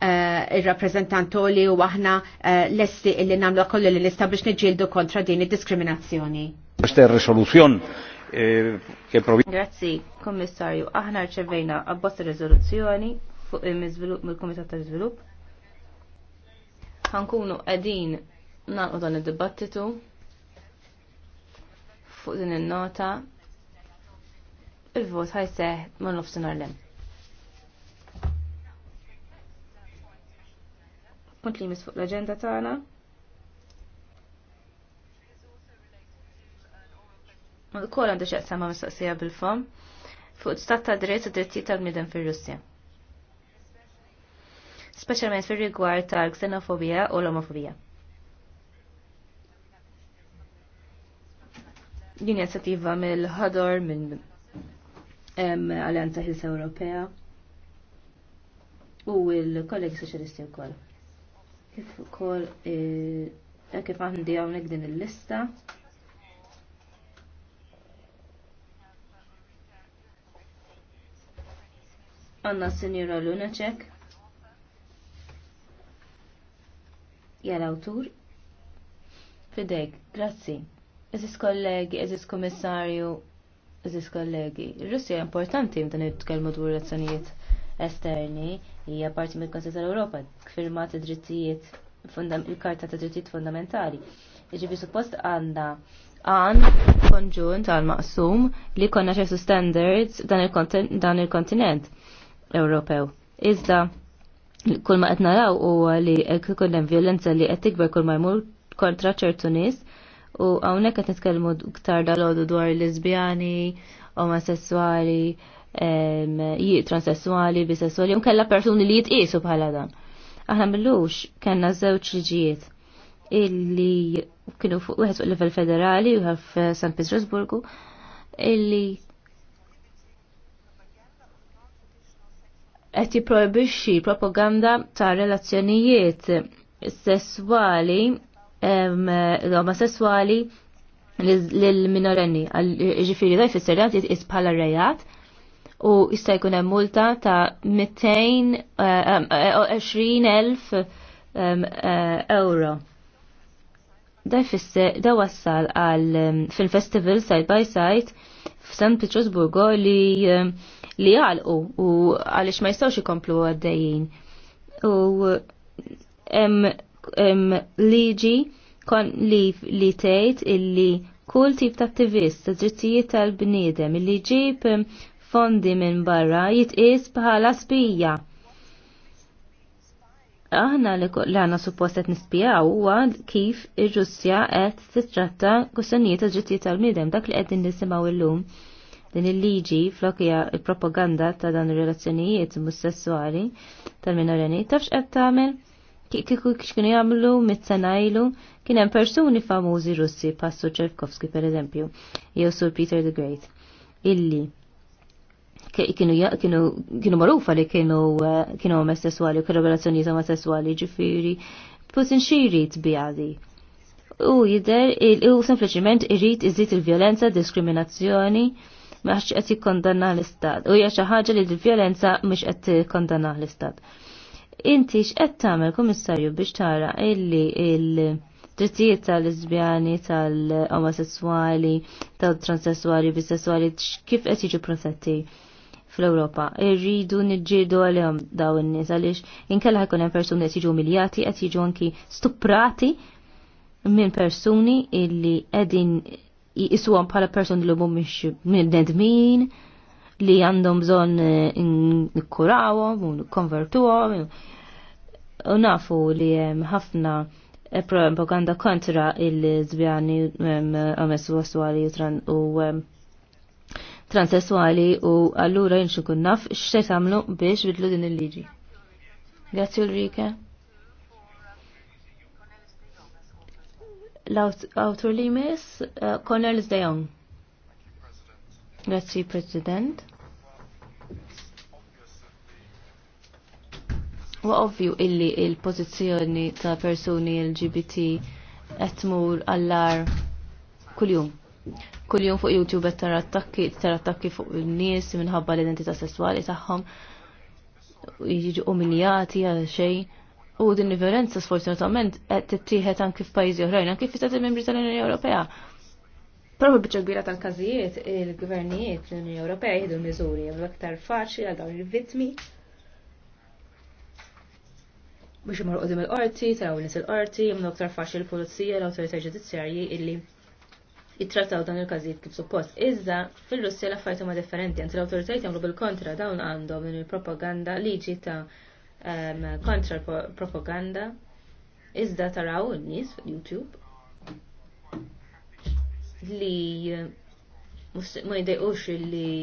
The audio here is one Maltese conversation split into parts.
Eh, il-rappresentantoli u aħna eh, l-esti illi namlu kollu li nista biex nġildu kontra din il-diskriminazzjoni. Eh, Grazzi, kommissarju, aħna rċevejna abbozza rezoluzzjoni fuq il-Komitat ta' Zvilupp. Ħankunu qegħdin nagħqu dan id-dibattitu fuq din il-nota il-vot ħajseħ ma' nofsinhar lem. punt li jmiss fuq l-agenda tagħna. Ukoll għandu x'jaqsam ma' mistoqsija bil-fom fuq stat ta' dritt u drittijiet tal-bniedem fir-Russja. Speċjalment fir-rigward tal-ksenofobija u l-omofobija. Din inizjattiva mill-ħador minn Alleanza Hilsa Ewropea u l-kollegi soċjalisti wkoll kif ukoll eh, kif għandi hawnhekk din il-lista. Għanna s-sinjura Lunacek. Jara awtur. Fidejk, grazzi. Eżis kollegi, eżis komissarju, eżis kollegi. Russija importanti mdan it-tkelmu dwar razzjonijiet esterni hija parti mill konsens tal-Ewropa, firmat id-drittijiet il-Karta ta' Drittijiet Fundamentali. Iġifi suppost għandha għan konġunt għal maqsum li konna ċertu standards dan il-kontinent Ewropew. Iżda kull ma qed naraw huwa li kull hemm violenza li qed tikber kull ma jmur kontra ċertu nies u hawnhekk qed nitkellmu ktar dal ħodu dwar lesbjani, omosessuali, transessuali, bisessuali, jom kella persuni li jitqisu bħala dan. Aħna millux kellna żewġ liġijiet illi kienu fuq wieħed fuq level federali u f'San Petersburgu illi qed jipprojbixxi propaganda ta' relazzjonijiet sesswali omosessuali lil minorenni ġifiri daj fis-serjat jitqis bħala rejat u jista' jkun hemm multa ta' 220,000 eh, eh, eh, euro. Da jfisser da wassal għal fil-festival side by side f'San Petersburgo li li għalqu u għalix ma jistawx ikomplu għaddejjin. U em, em, liġi kon li li tgħid illi kull tip ta' attivist ta' drittijiet tal-bniedem illi ġib fondi minn barra jitqis bħala spija. Aħna li għana suppost qed nispjaw huwa kif ir-Russja qed titratta kwistjonijiet ta' ġittijiet tal-miedem dak li qegħdin nisimgħu illum din il-liġi flokja il-propaganda ta' dan ir-relazzjonijiet mus sessuali tal minoreni tafx qed tagħmel kieku kienu jagħmlu mit sanajlu kien hemm persuni famużi Russi passu Ċerkovski pereżempju jew Sur Peter the Great illi kienu kienu marufa li kienu eh, kienu omosessuali u kienu relazzjoni omosessuali ġifiri putin xiri tbijadi. U jider u sempliciment irrit iżid il-violenza, diskriminazzjoni, maħx qed jikkondanna l-istat. U hija xi ħaġa li l-violenza mux qed tikkondanna l-istat. Inti x'qed tagħmel kummissarju biex tara illi il- drittijiet tal-lesbjani, tal-omosessuali, tal-transessuali, bisessuali, kif qed jiġu protetti? fl-Ewropa. Irridu niġġieldu għalihom daw in-nies għaliex inkella ħajkun hemm persuni qed jiġu umiljati, qed jiġu anki stuprati minn persuni illi qegħdin jisuhom bħala persuni li mhumiex minn nedmin li għandhom bżonn eh, nikkurawhom u nikkonvertuhom. U nafu li hemm ħafna eh, propaganda kontra il-żbjani għali eh, u transessuali u allura jinxu kun naf xe samlu biex bidlu din il-liġi. Grazie Ulrike. L-autor li mis, uh, eh, Cornelis de Jong. Grazzi President. U ovvju illi il-pozizjoni ta' personi LGBT etmur għallar kuljum kuljum fuq YouTube qed tara attakki, tara attakki fuq n nies minħabba l-identità sesswali tagħhom jiġu umiljati għal xejn. U din differenza sfortunatament qed tittieħed anke f'pajjiżi oħrajn, anke fl Membri tal-Unjoni Ewropea. Proprio biċċa kbira tal-każijiet, il-gvernijiet l-Unjoni Ewropea jieħdu miżuri jew aktar faċli għal dawn il-vittmi biex imorqodim il-qorti, taraw nies il-qorti, jemnu aktar faċli l-pulizija l-awtorità ġudizzjarji illi jittrattaw dan il-każijiet kif suppost. Iżda fil-Russja l-affarijiet huma differenti, anzi l-awtoritajiet jagħmlu bil-kontra dawn għandhom minn il-propaganda liġi ta' ehm, kontra propaganda. Iżda taraw n nies YouTube li ma jdejqux li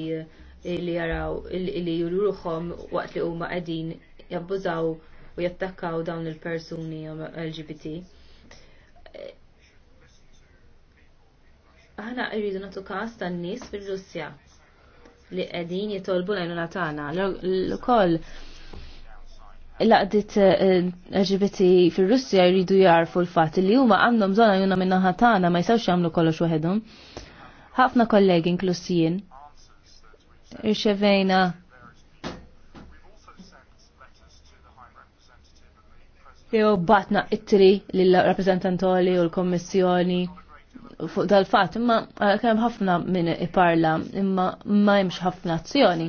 li jaraw li juruħom waqt li huma qegħdin jabbużaw u jattakkaw dawn il-persuni LGBT. aħna rridu nagħtu każ tan-nies fir-Russja li qegħdin jitolbu l-għajnuna tagħna. L-ukoll laqdit eh, LGBT fir-Russja jridu jarfu l-fatt li huma għandhom bżonn min minnaħa tagħna ma jsawx jagħmlu kollox waħedhom. Ħafna kollegi inklusijin irċevejna Jew batna ittri lill rappreżentantoli u l-kommissjoni fuq dal-fat, imma eh, kemm ħafna minn iparla, imma ma jimx ħafna azzjoni.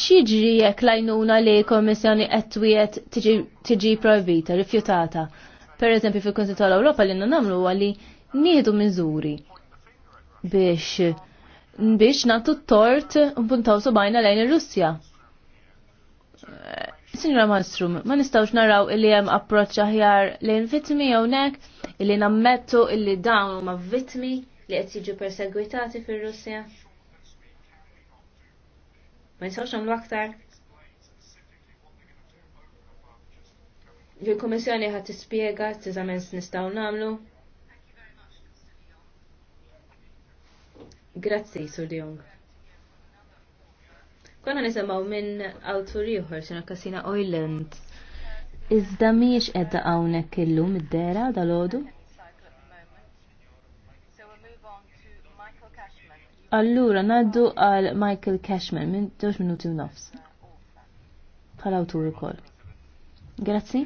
Xieġri jekk lajnuna li komissjoni għettwiet tiġi provita, rifjutata. Per eżempju, fil konsitu tal-Europa li namlu għalli nieħdu miżuri biex biex natu t-tort un puntaw subajna lejn il-Russja Sinjora Manstrum, ma nistawx naraw illi hemm approċċ aħjar lejn vittmi hawnhekk illi nammettu illi dawn huma vittmi li qed jiġu persegwitati fir-Russja. Ma nistawx nagħmlu aktar. il t ħadd t tiżamen nistgħu nagħmlu. Grazzi, Sur Diong. Konna nisemaw minn Alturiħor, ieħor sena Kasina Oiland. Iżda miex edda għawnek illum id-dera dal ħodu Allura, naddu għal Michael Cashman, minn 2 minuti u nofs. Bħal awtur kol. Grazzi.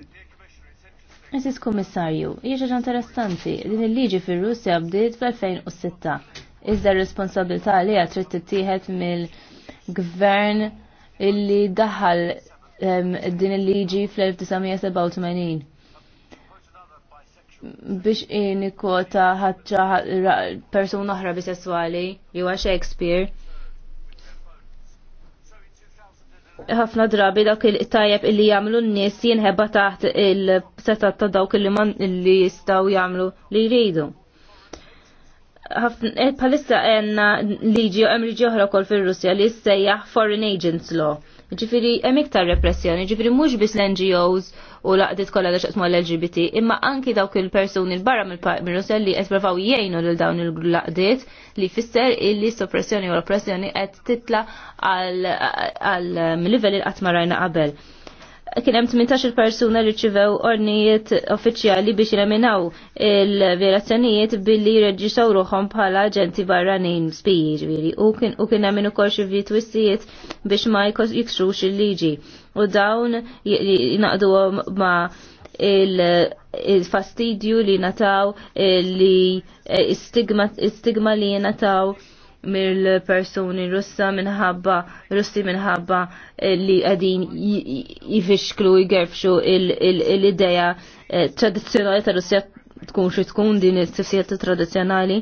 Eżis Komissarju, jieġa interessanti din il-liġi fil russja bdiet fl-2006. Iżda r-responsabilità li għatrit t tittieħed mill- gvern illi daħal din il-liġi fl-1987 biex nikota ħatċa persuna oħra bisessuali, jew Shakespeare. ħafna drabi dawk il-tajjeb illi jagħmlu n-nies jinħeba taħt il-setat ta' dawk illi jistgħu jagħmlu li jridu palissa għenna liġi u għem liġi oħra kol fil-Russja li jissejjaħ Foreign Agents Law. Ġifiri, hemm iktar repressjoni, ġifiri mhux biss l-NGOs u laqdit kollha li xaqsmu l-LGBT, imma anki dawk il-persuni l-barra mill-Russja li qed provaw jgħinu lil dawn il-laqdiet li fisser illi soppressjoni u repressjoni qed titla għal mill-livell il qatt ma rajna qabel kien hemm 18 persuna li ornijiet uffiċjali biex jeminaw il verazzjonijiet billi jirreġistaw ruħhom bħala ġenti barranin spiji ġviri u kien hemm ukoll xi vj-wissijiet biex ma jiksrux il-liġi u dawn jnaqduhom ma' il-fastidju li nataw eh, li eh, stigma li nataw mill-persuni russa minħabba russi minħabba eh, li għadin jifixklu jgerfxu l-ideja eh, tradizjonali ta' Russja tkun xi tkun din is-sifsijiet tradizjonali.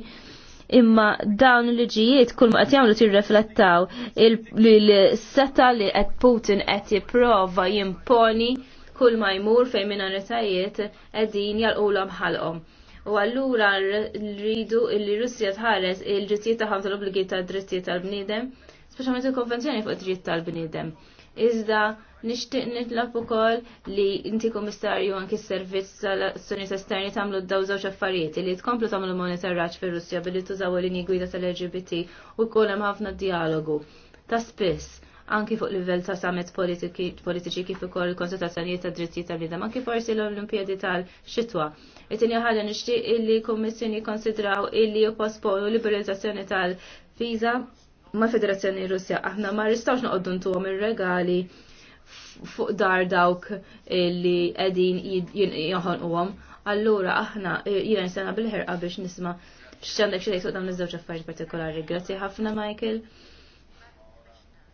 Imma dawn il-liġijiet kull ma qed jagħmlu tirreflettaw il-seta li qed Putin qed jipprova jimponi kull ma jmur fejn jal qegħdin jalqulhom ħalqhom u allura rridu illi Russja tħares il-ġittijiet tagħhom tal-obbligi tad-drittijiet tal-bniedem, speċjalment il-konvenzjoni fuq id-dritt tal-bniedem. Iżda nixtieq nitlob ukoll li inti kummissarju anki s-servizz tal-azzjonijiet esterni tagħmlu daw żewġ affarijiet li tkomplu tagħmlu monitoraġġ fir-Russja billi tużaw il-linji gwida tal-LGBT u jkun hemm ħafna dialogu ta' spiss anki fuq livell ta' summit politiċi kif ukoll konsultazzjonijiet ta' drittijiet tal-bidem, anki forsi l olimpjadi tal-xitwa. It-tieni ħaġa nixtieq illi kummissjoni jikkonsidraw illi jipposponu liberalizzazzjoni tal-viża ma' Federazzjoni Russja. Aħna ma ristgħux noqogħdu ntuhom ir-regali fuq dar dawk illi qegħdin joħonquhom. Allura aħna eh, jiena nistenna bil-ħerqa biex nisma' x'għandek xi tgħid dawn iż-żewġ affarijiet partikolari. Grazzi ħafna Michael.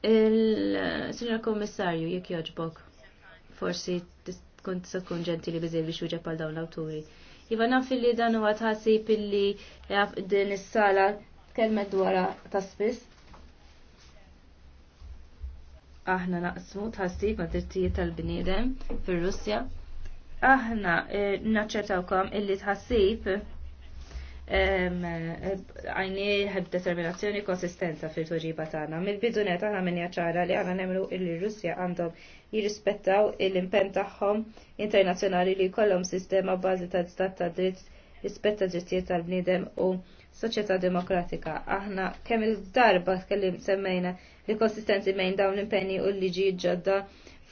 Il-Sinjor Kommissarju, jekk joġbok, forsi tkun tista' tkun ġentili biżej biex wieġeb għal dawn l-awturi. Iva naf li dan huwa tħassib illi din is-sala tkellmet dwara ta' spiss. Aħna naqsmu tħassib ma' drittijiet tal-bniedem fir-Russja. Aħna eh, naċċertawkom illi tħassib għajni ħeb determinazzjoni konsistenza fil-tuġiba tagħna. Mill-bidunet aħna minn ċara li għana nemru li russja għandhom jirrispettaw l-impenn tagħhom internazzjonali li jkollhom sistema bażi ta' stat ta' dritt, rispetta drittijiet tal-bniedem u soċjetà demokratika. Aħna kemm il-darba tkellim semmejna li konsistenzi mejn dawn l-impenni u l-liġi ġodda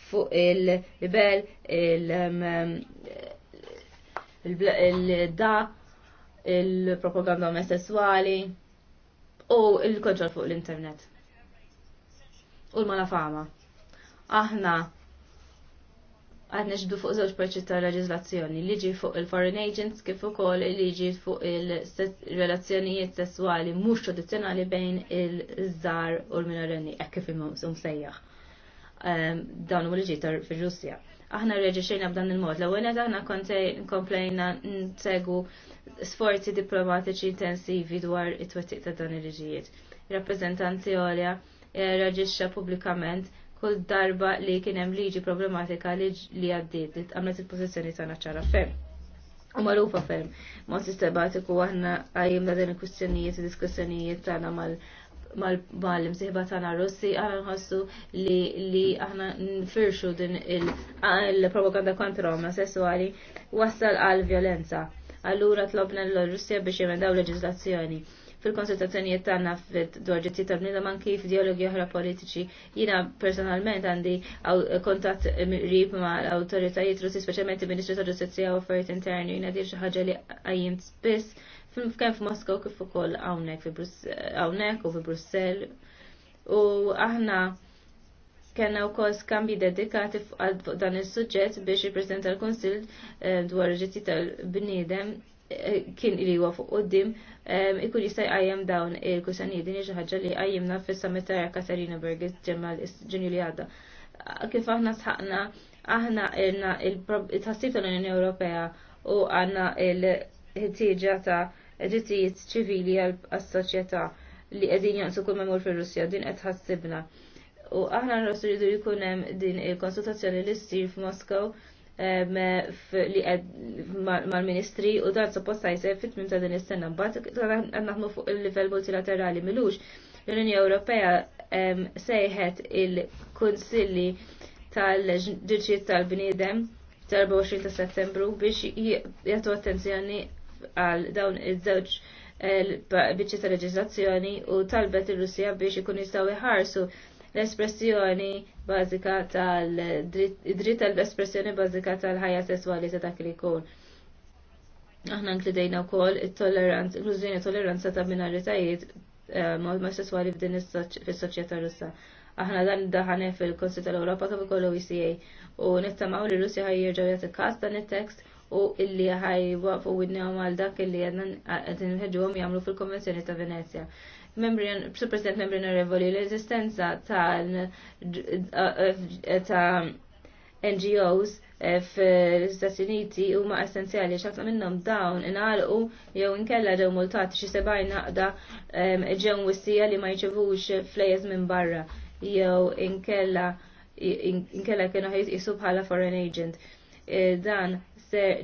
fuq il-libel, il dak il-propaganda omosessuali u il-kontroll fuq l-internet. U l-mala fama. Aħna għadna neġdu fuq żewġ parċi ta' leġislazzjoni, liġi fuq il-foreign agents kif ukoll liġi fuq il-relazzjonijiet sessuali mhux tradizzjonali bejn il-żar u l-minorenni hekk kif imhom sejjaħ. Ehm, dawn huma liġi fir-Russja aħna reġiċejna b'dan il-mod. L-ewwel aħna komplejna n-segu sforzi diplomatiċi intensivi dwar it-twettiq ta' dan il reġijiet Rappreżentanti għolja eh, reġiċa pubblikament kull darba li kien hemm liġi problematika li għaddiet li għamlet il-pożizzjoni tagħna ċara ferm. U magħrufa ferm, mod sistematiku aħna da' din il-kwistjonijiet u diskussjonijiet tagħna mal- mal-imsieħba tagħna Russi aħna nħossu li li aħna nfirxu din il-propaganda kontra sessuali wassal għal violenza. Allura tlobna l Russija biex jemendaw leġislazzjoni fil-konsultazzjonijiet tagħna dwar ġitti tal man kif f'dialogi oħra politiċi. Jiena personalment għandi kontatt rib ma' l-awtoritajiet Russi, speċjalment il-Ministru tal-Ġustizzja u Affarijiet Interni, jiena dir xi ħaġa li qajjim spiss kemm f'Moskow kif ukoll hawnhekk fi hawnhekk u fi Brussell. U aħna kellna wkoll skambi dedikati fuq dan is-suġġett biex jippreżenta l kunsill dwar ġitti tal bniedem kien li huwa fuq qudiem ikun jista' jqajjem dawn il-kusanijiet din xi ħaġa li qajjimna fis-summit ta' Katarina Bergis ġemal ġunju li għadda. Kif aħna sħaqna aħna il-tħassib tal-Unjoni Ewropea u għandna il-ħtieġa ta' ġittijiet ċivili għal soċjetà li qegħdin jaqsu kull memur fir-Russja din qed ħassibna. U aħna nħossu rridu jkun hemm din il-konsultazzjoni li ssir f'Moskow li mal-ministri u dan supposta jsir fit ta' din is-sena mbagħad naħdmu fuq il-livell multilaterali milux l-Unjoni Ewropea sejħet il-Kunsilli tal-ġirċiet tal-bniedem tal-24 ta' settembru biex jagħtu attenzjoni għal dawn iż-żewġ eh, biċċa ta' leġislazzjoni u talbet ir russija biex ikun jistgħu jħarsu l-espressjoni bażika tal-dritt tal-espressjoni bażika tal-ħajja sesswali ta' dak li jkun. Aħna nklidejna wkoll it-tolleranza, l-użjoni tolleranza ta' minoritajiet eh, ma' sesswali f'din is-soċjetà Russa aħna dan daħane fil-Konsil tal-Ewropa kif ukoll l oeca u nittamaw li Russja ħajja jerġgħu jagħti kas dan it-tekst u illi ħajwa fuq widna għal dak illi għedin ħedġu għom jamlu fil-Konvenzjoni ta' Venezia. President membri narevoli l-eżistenza eh, ta' NGOs eh, fl-Istati Uniti huma essenzjali xafna minnom dawn inħalqu jew inkella ġew multati xi sebaj naqda eh, ġew wissija li ma jċevux flejjeż minn barra jew inkella inkella kienu ħajqisu bħala foreign agent. Dan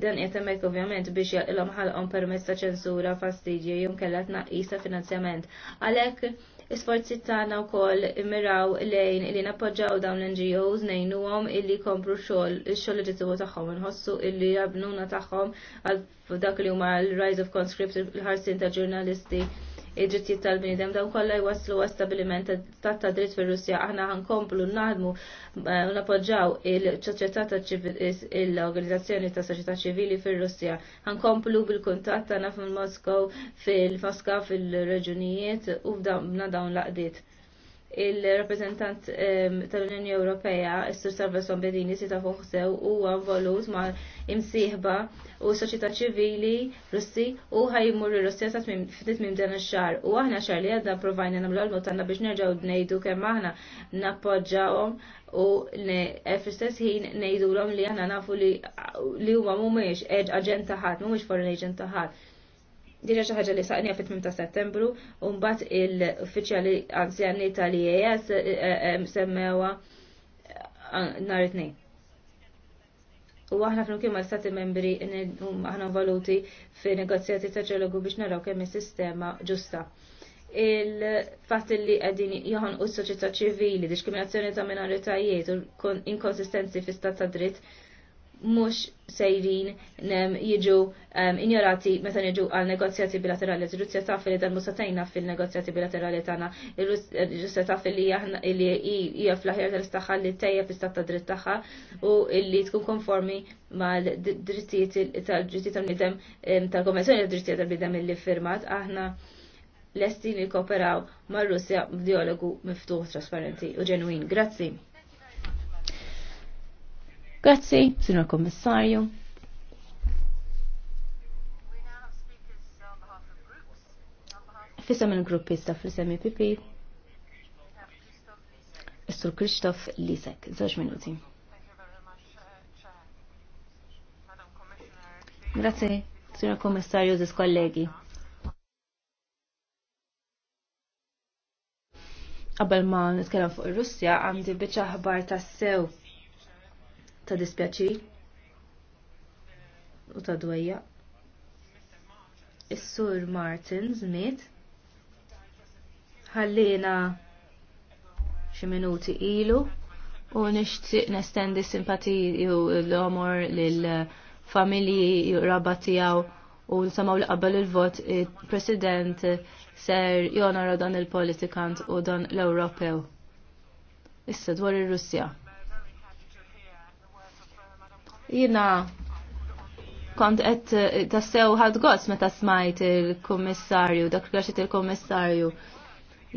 dan qed ovvjament biex jaqilhom ħalqhom permezz ta' ċensura fastidju jew kellha tnaqqis finanzjament. Għalhekk isforzi tagħna wkoll immiraw lejn li nappoġġaw dawn l-NGOs ngħinuhom illi jkompru xogħol ix-xogħol leġittimu tagħhom nħossu illi jabnuna tagħhom għal dak li huma l-Rise of Conscript il-ħarsin ta' ġurnalisti id-drittijiet tal-bniedem dawn kollha jwaslu għas stabiliment ta' ta' dritt fir-Russja. Aħna ħankomplu naħdmu u eh, napoġġaw il-soċjetà l-organizzazzjoni ta' soċjetà ċivili fir-Russja. Ħankomplu bil-kuntatt tagħna fil-Moskow, fil-Moska, fil-reġunijiet u f'dan dawn laqdiet il-rappresentant ehm, tal-Unjoni Ewropea, Sir Salveson Bedini, si ta' xsew u għavvolut ma' imsiħba u soċieta ċivili russi u ħajmur il-Russja sa' ftit minn dan xar U aħna xar li għadda provajna namlu għal-motanna biex nerġaw d-nejdu kemm aħna nappoġġawhom u eh, fl-istess ħin nejdu l-om li aħna nafu li huma mumiex agent taħat, mumiex foreign agent taħat Dina xi ħaġa li saqnija fit-8 ta' Settembru u mbagħad il-uffiċjali anzjani tal-IAS eh, eh, eh, semmewha nhar it-tnejn. U aħna flimkien mal stati membri aħna valuti fi negozjati ta' ġelogu biex naraw kemm is-sistema ġusta. il fat li qegħdin jaħon u s-soċjetà ċivili, diskriminazzjoni ta' minoritajiet u inkonsistenzi fi stat ta' dritt mhux sejrin jiġu injorati meta jiġu għal negozjati bilaterali. Ir-Russja taf li dan musatajna fil-negozjati bilaterali tagħna. Ir-Russja taf li hija fl-aħjar tal staħħa li tajja fil istat ta' dritt tagħha u li tkun konformi mal-drittijiet tal-drittijiet tal-bidem tal-Konvenzjoni tal drittijiet tal-bidem li firmat aħna lestin li kooperaw mar-Russja b'dialogu miftuħ, trasparenti u ġenwin. Grazzi. Grazie, signor commissario. Fissa il gruppi sta fl-sem IPP. E Istur Kristof Lisek, zaġ minuti. Grazie, signor commissario, zis kollegi. Qabel ma nitkellem fuq ir-Russja għandi biċċa ħbar tas-sew ta' dispjaċi u ta' dwejja. Is-Sur Martin żmiet ħallina xi minuti ilu u nixtieq nestendi simpatiji u l-omor lil familji raba tiegħu u nsemgħu li qabel il-vot il-President ser jonara dan il-politikant u dan l-Ewropew. Issa dwar ir-Russja. Jina kont qed eh, tassew ħad gost meta smajt il-kummissarju, dak għaxit il-kummissarju.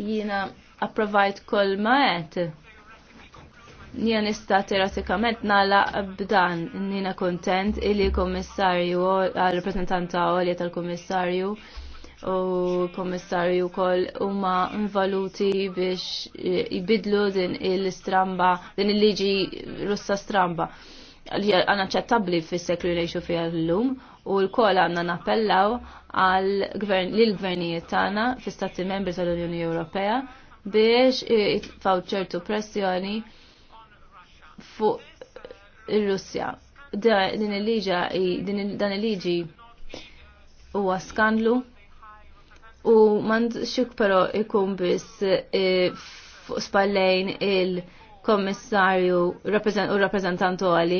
Jina approvajt kol ma Nija nista' teoretikament nagħlaq b'dan nina kontent illi kummissarju għal-rappreżentanta għolja tal-kummissarju u kommissarju kol huma involuti biex eh, jbidlu din il-stramba, din il-liġi russa stramba li għanaċċettabli fis-seklu li jxu fija l-lum u l kola għanna nappellaw għal l-gvernijiet tagħna fis-stati membri tal-Unjoni Ewropea biex jitfaw ċertu pressjoni fuq ir-Russja. Din il-liġa dan il-liġi huwa skandlu u xuk però ikum biss eh, fuq spallejn il- kommissarju u rappresentantu għali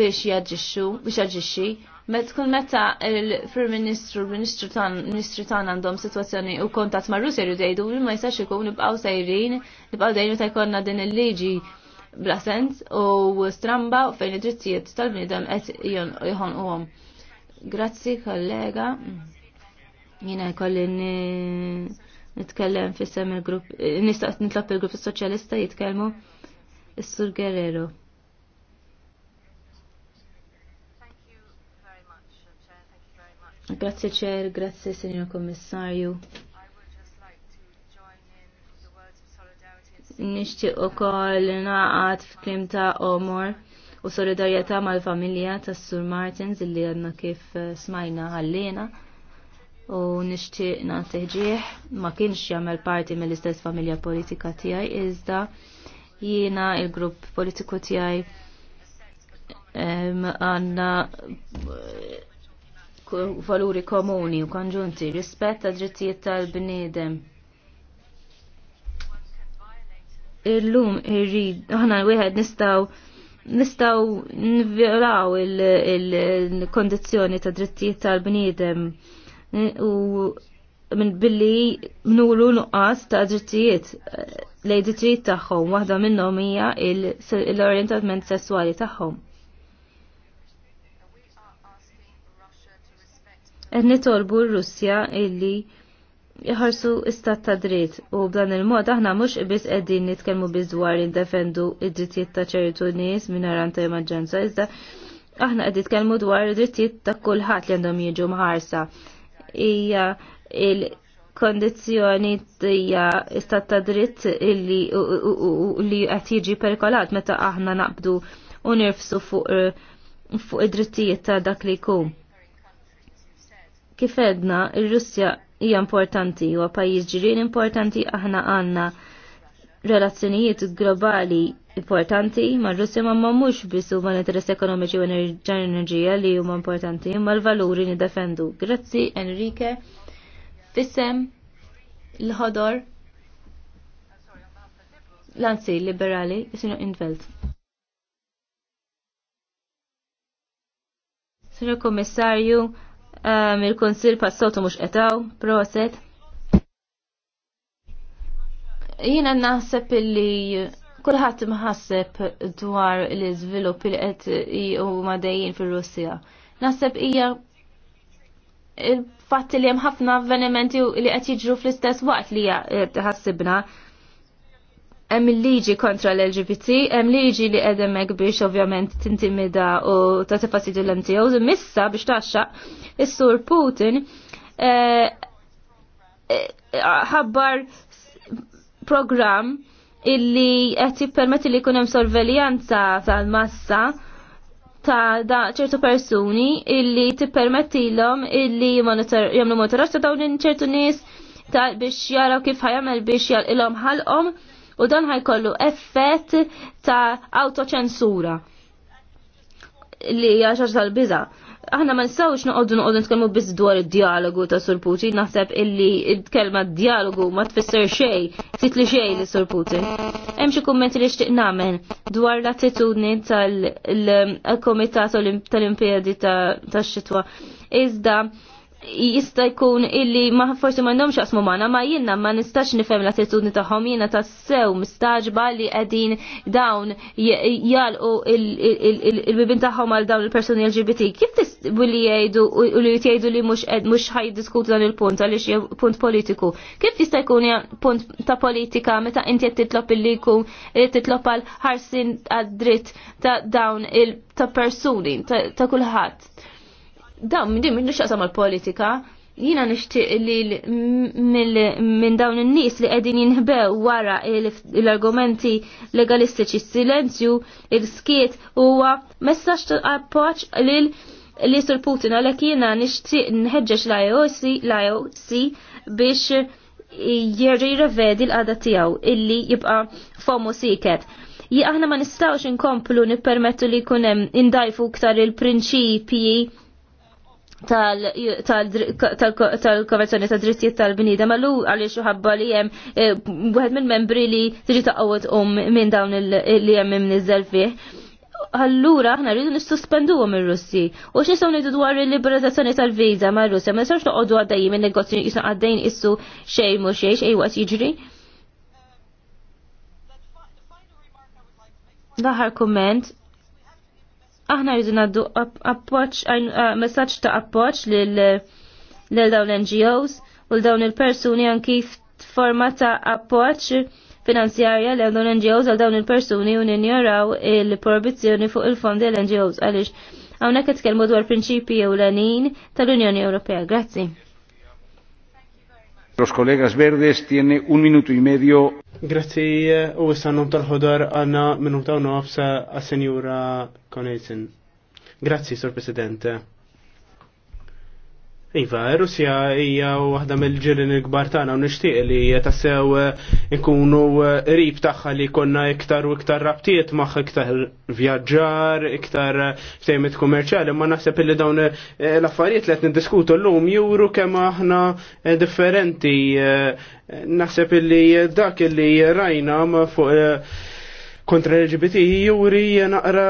biex jadġiċu, biex jadġiċi. Met tkun meta il-Prim Ministru, il-Ministru tan, Ministru tan għandhom situazzjoni u kontat ma' Rusja li jgħidu li ma jistax ikun nibqgħu sejrin, nibqgħu dejjem meta jkollna din il-liġi blasent u stramba fejn id-drittijiet tal-bniedem qed għom. Grazzi kollega. Jiena jkolli nitkellem sem il-grupp, eh, nistaqt nitlop il-grupp soċjalista jitkellmu Is-Sur Guerrero. Grazie ċer, grazie signor Kommissarju. Nishtiq u koll naqat f'klim ta' omor u solidarjetà mal-familja tas Sur Martins illi għadna kif eh, smajna għallina u nixtieq nagħtiħ ma kienx jagħmel parti mill-istess familja politika tiegħi iżda jiena il-grupp politiku tiegħi għandna valuri komuni u konġunti, rispett ta' drittijiet tal-bniedem. Illum irrid aħna wieħed nistgħu nistaw nviolaw il-kondizjoni ta' drittijiet tal-bniedem u minn billi nuru nuqqas ta' drittijiet eh, lej drittijiet tagħhom waħda minnhom hija l-orientament sesswali tagħhom. Qed nitolbu r-Russja illi jħarsu istat ta' dritt u b'dan il-mod aħna mhux biss qegħdin nitkellmu biss dwar indefendu id-drittijiet ta' ċertu nies mingħajr ta' emerġenza iżda aħna qed nitkellmu dwar id-drittijiet ta' kulħadd li għandhom jiġu mħarsa hija il-kondizjoni hija istat ta' dritt li qed jiġi perikolat meta aħna naqbdu u nirfsu fuq fuq id-drittijiet ta' dak li jkun. Kif edna, ir-Russja hija importanti u pajjiż ġirien importanti aħna għandna relazzjonijiet globali importanti ma' Russja ma' mhux biss huma l-interess ekonomiċi u enerġija li huma importanti ma l-valuri ni defendu. Grazzi Enrique fissem l-ħodor l-anzi liberali Sinu Invelt. Sinu Komissarju, ehm, il-Konsil passotu mux etaw, proset. Jina naħseb illi Kulħadd imħasseb dwar l-iżvilupp li qed huma dejjin fir russija Naħseb hija il-fatt li hemm ħafna avvenimenti li qed jiġru fl-istess waqt li eh, ħassibna. Hemm il-liġi kontra l-LGBT, hemm liġi li qegħdemek biex ovvjament tintimida u ta' tifasidu l-MTOs, missa biex taxxaq is-sur Putin eh, eh, ħabbar program illi qed jippermetti li jkun hemm sorveljanza tal-massa ta' da ċertu persuni illi tippermettilhom illi jagħmlu monitoraġġ ta' dawn ċertu nies biex jaraw kif ħajamel biex jalqilhom om u dan ħajkollu effett ta' autoċensura li hija tal biza aħna ma nistawx noqogħdu noqogħdu nitkellmu biss dwar id-dialogu ta' Sur Putin, naħseb illi d-kelma dialogu ma tfisser xejn, titli xejn li Sur Putin. Hemm xi kummenti li xtieq nagħmel dwar l-attitudni tal-Komitat tal-Olimpijadi tax-xitwa. Iżda jista' jkun illi ma forsi m'għandhomx jaqsmu magħna ma jiena ma nistax nifhem l-attitudni tagħhom jiena tassew mistaġba li qegħdin dawn jalqu il-bibin tagħhom għal dawn il-persuni LGBT. Kif li jgħidu u li jgħidu li mhux mhux ħajdiskutu dan il-punt għaliex punt politiku. Kif jista' jkun punt ta' politika meta inti qed titlob illi jkun eh, titlob għal ħarsin għad-dritt ta' dawn il ta' persuni ta' kulħadd Dam, din minn xaqsa mal-politika, jina nishtiq li minn dawn in-nies li qegħdin jinħbew wara l-argumenti legalistiċi silenzju il-skiet huwa messaċ appoġġ lil li sur Putin għalhekk jiena nixtieq nħeġġeġ l-IOC biex jerġa' jirrevedi l-qagħda tiegħu illi jibqa' fomu siket. Aħna ma nistgħux inkomplu nippermettu li jkun hemm indajfu iktar il-prinċipji tal-konvenzjoni ta' drittijiet tal-bnida ma' lu għalix uħabba li jem għed eh, minn membri li tiġi ta' għawet um minn dawn li jem minn fih. Allura ħna rridu nistuspendu għom il-Russi. U xie sawni dwar il-liberazzazzjoni tal-viza ma' Russi, ma' sarx toqodu għaddej minn negozju jisna għaddejn issu xej mu xej xej għas jġri. Daħar komment, aħna rridu naddu appoċ, eh, messaċ ta' appoċ lil dawn NGOs u l-dawn il-persuni anki forma ta' appoċ finanzjarja l dawn NGOs għal dawn il-persuni u ninjaraw il-proibizjoni fuq il-fondi l-NGOs għalix għawnek kelmu dwar prinċipi u l-anin tal-Unjoni Ewropea. Grazzi. Los kollegas verdes tiene un minuto y medio. Grazie eh, u s-sannum tal-ħodar għanna minuta u nofsa eh, għas-senjura Konejsen. Grazie, Sor Presidente. Iva, Russja hija waħda mill-ġirin il-kbar tagħna u nixtieq li tassew eh, ikunu eh, rib tagħha li konna iktar u iktar rabtiet magħha iktar vjaġġar, iktar eh, ftejmet kummerċjali, ma naħseb li dawn l-affarijiet li qed niddiskutu llum juru kemm aħna differenti. Naħseb li dak li rajna fuq kontra LGBT juri naqra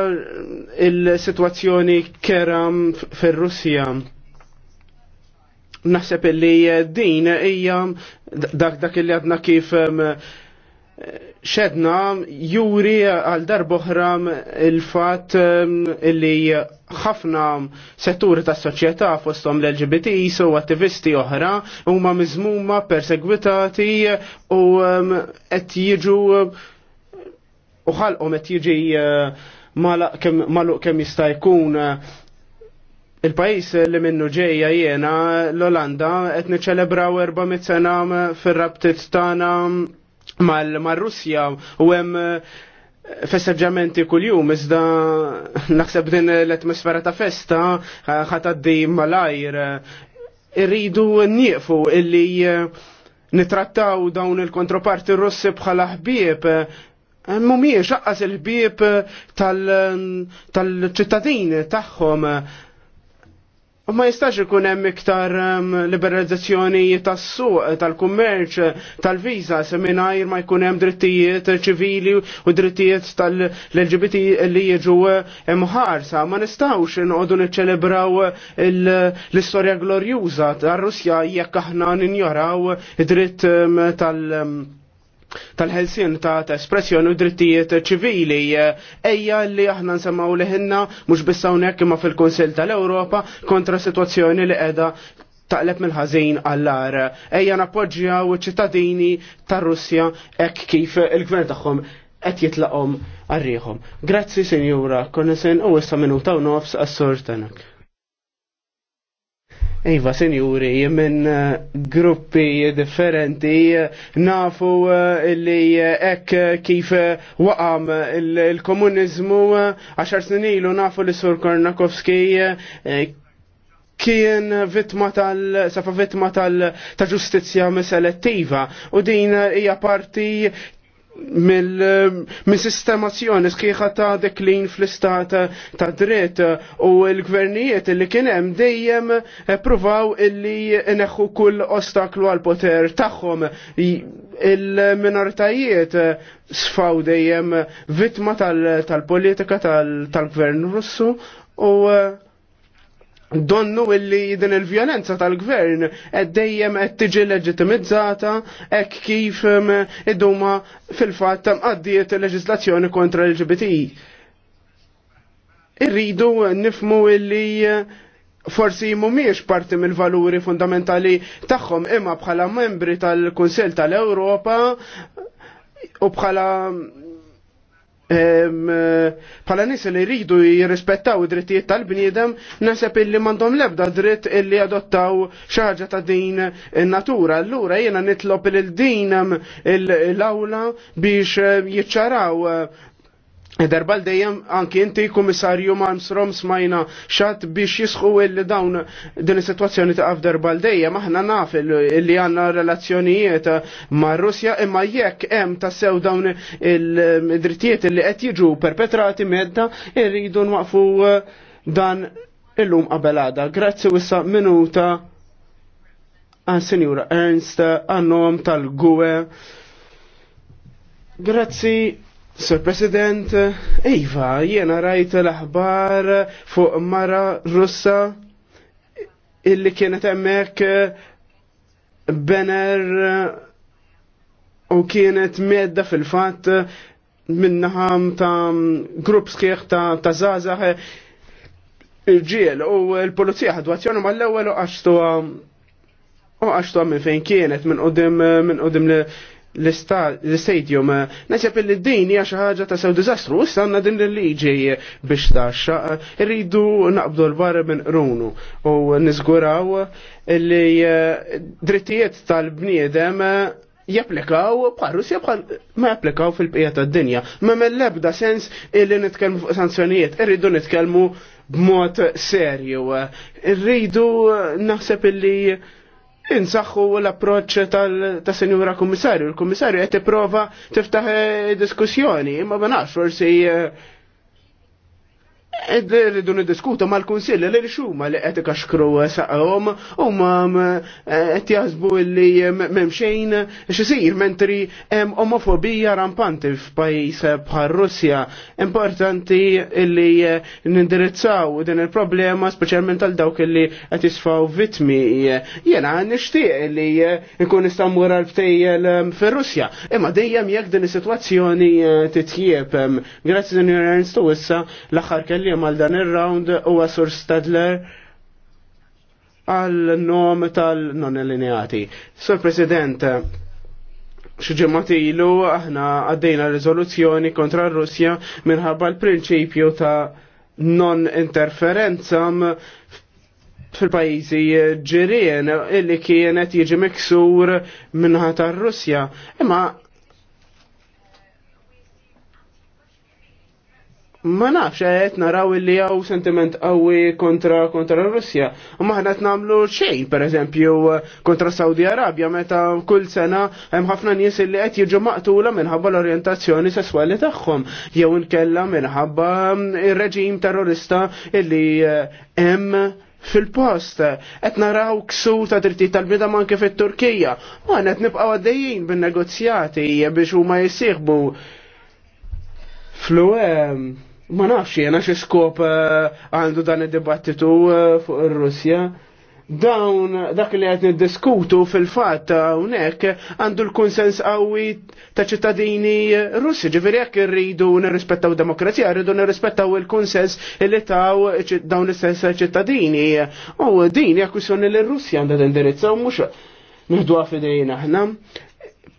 il sitwazzjoni keram fir-Russja. Naħseb li eh, din hija dak dak li għadna kif xedna juri għal darboħra il-fat li ħafna setturi ta' soċjetà fostom l-LGBT u attivisti oħra huma miżmuma persegwitati u qed jiġu u ħalqhom qed jiġi eh, maluq kemm jista' jkun Il-pajis li minnu ġeja jena l-Olanda qed niċċelebraw 400 sena fir-rabtiet tagħna mal-Russja u hemm eh, festeġġamenti kuljum iżda naħseb din l-atmosfera ta' festa eh, ħataddi ajr irridu nnieqfu illi eh, nitrattaw dawn il-kontroparti russi bħala ħbieb mumiex aqqas il-ħbieb tal-ċittadini tagħhom Ma jistax ikun hemm iktar liberalizzazzjoni tas-suq eh, tal-kummerċ tal-viża se mingħajr ma jkun hemm drittijiet ċivili u drittijiet tal-LGBT li jiġu eh, ħarsa, Ma nistgħux inqogħdu niċċelebraw eh, l-istorja glorjuża tar-Russja jekk aħna ninjoraw id-dritt tal- tal-ħelsien ta' espressjoni u drittijiet ċivili. Ejja li aħna nsemmaw liħinna mhux biss hawnhekk imma fil-Kunsill tal-Ewropa kontra situazzjoni li qiegħda taqleb mill ħazin għall Ejja Ejja nappoġġjaw ċittadini tar-Russja hekk kif il-gvern tagħhom qed jitlaqhom għarrieħhom. Grazzi, Sinjura Konnesen, u issa minuta u nofs għas-sortanak. Iva, senjuri, minn eh, gruppi differenti eh, nafu eh, li ek kif waqam il-komunizmu għaxar snilu nafu li sur Kornakowski kien vittma tal safa vittma tal ta' ġustizzja meselettiva u din hija parti mill-sistemazzjoni eh, sħiħa ta' deklin fl-istat eh, ta' dritt eh, u l-gvernijiet li kienem dejjem provaw illi neħu kull ostaklu għal poter tagħhom il-minoritajiet sfaw dejjem vittma tal-politika tal-gvern russu u donnu illi din il-vjolenza tal-gvern qed dejjem qed tiġi leġitimizzata hekk kif um, iduma fil-fatt il leġislazzjoni kontra l-LGBT. Irridu nifmu illi uh, forsi mumiex parti mill-valuri fundamentali tagħhom imma bħala membri tal-Kunsell tal-Ewropa u bħala um, bħala nis li jridu jirrispettaw id-drittijiet tal-bniedem naseb illi m'għandhom l-ebda dritt illi adottaw xi ta' din natura. Allura jena nitlob lil din l-awla biex jiċċaraw E Darbal dejjem anki inti kummissarju Malmstrom smajna xat biex jisħu illi dawn din is-sitwazzjoni ta' f'darbal dejjem aħna naf illi għandna relazzjonijiet ma' Russja imma jekk hemm tassew dawn il-drittijiet illi qed jiġu perpetrati medda irridu nwaqfu eh, dan illum qabelada. Grazzi wissa minuta għal Sinjura Ernst għannom tal-Gwe. Grazzi Sir President, Iva, jiena rajt l-aħbar fuq mara russa illi kienet emmek bener u kienet medda fil-fat minnaħam ta' grupp sħiħ ta', ta il-ġiel u l-polizija ħadu azzjoni ma l-ewel u għaxtu u għaxtu minn fejn kienet minn qudim minn qudim l-stadium. Eh, naħseb li din hija xi ħaġa ta' sew diżastru, issa għandna din il-liġi biex taxxa, eh, irridu naqbdu l-barra minn runu u niżguraw li eh, drittijiet tal-bniedem japplikaw Russja bħal ma japplikaw fil-bqija tad-dinja. Ma mill-ebda sens illi nitkellmu fuq sanzjonijiet, irridu nitkellmu b'mod serju. Irridu naħseb illi Insaxħu l-approċ tal-Senjura Kummissarju. il kummissarju għet prova tiftaħ diskussjoni, imma banax forsi eh, Rridu e niddiskuta mal kunsilli li xuma li qed ikaxkru saqhom u e, qed jazbu li memxejn x'isir mentri hemm omofobija rampanti f'pajjiż bħal Russja. Importanti li nindirizzaw din il-problema speċjalment għal dawk li qed jisfaw vitmi. Jena nixtieq li nkun nista' mmur għal-ftejjel fir-Russja. Imma dejjem jekk din is-sitwazzjoni titjieb. Grazzi Sinjor Ernst issa l-aħħar Il-kellim għal dan ir-round huwa Sur Stadler għal nom tal-non-allineati. Sur President, xġemati ilu aħna għaddejna rizoluzzjoni kontra r-Russja minħabba l-prinċipju ta' non-interferenza fil-pajizi ġirien illi kienet jiġi miksur minnħa tar russja Imma ma nafx qed naraw li hawn sentiment qawwi kontra kontra Russja. U maħna qed nagħmlu xejn pereżempju kontra Saudi Arabja meta kull sena hemm ħafna nies li qed jiġu maqtula minħabba l-orjentazzjoni sesswali tagħhom jew inkella minħabba mm, ir-reġim terrorista illi eh, hemm fil-post, et naraw ksu ta' dritti tal-bida manke fit-Turkija, ma' net nibqaw għaddejjien bin-negozjati biex huma jisieħbu fl e ma nafx jena xi skop eh, għandu dan id-dibattitu eh, fuq ir-Russja. Dawn dak li qed niddiskutu fil-fatt hawnhekk għandu l-kunsens qawwi ta' ċittadini Russi, ġifieri jekk irridu nirrispettaw demokrazija, rridu nirrispettaw il-kunsens li taw dawn l-istess ċittadini. U din hija kwissjoni li r-Russja għandha tindirizza u mhux nieħduha f'idejn aħna.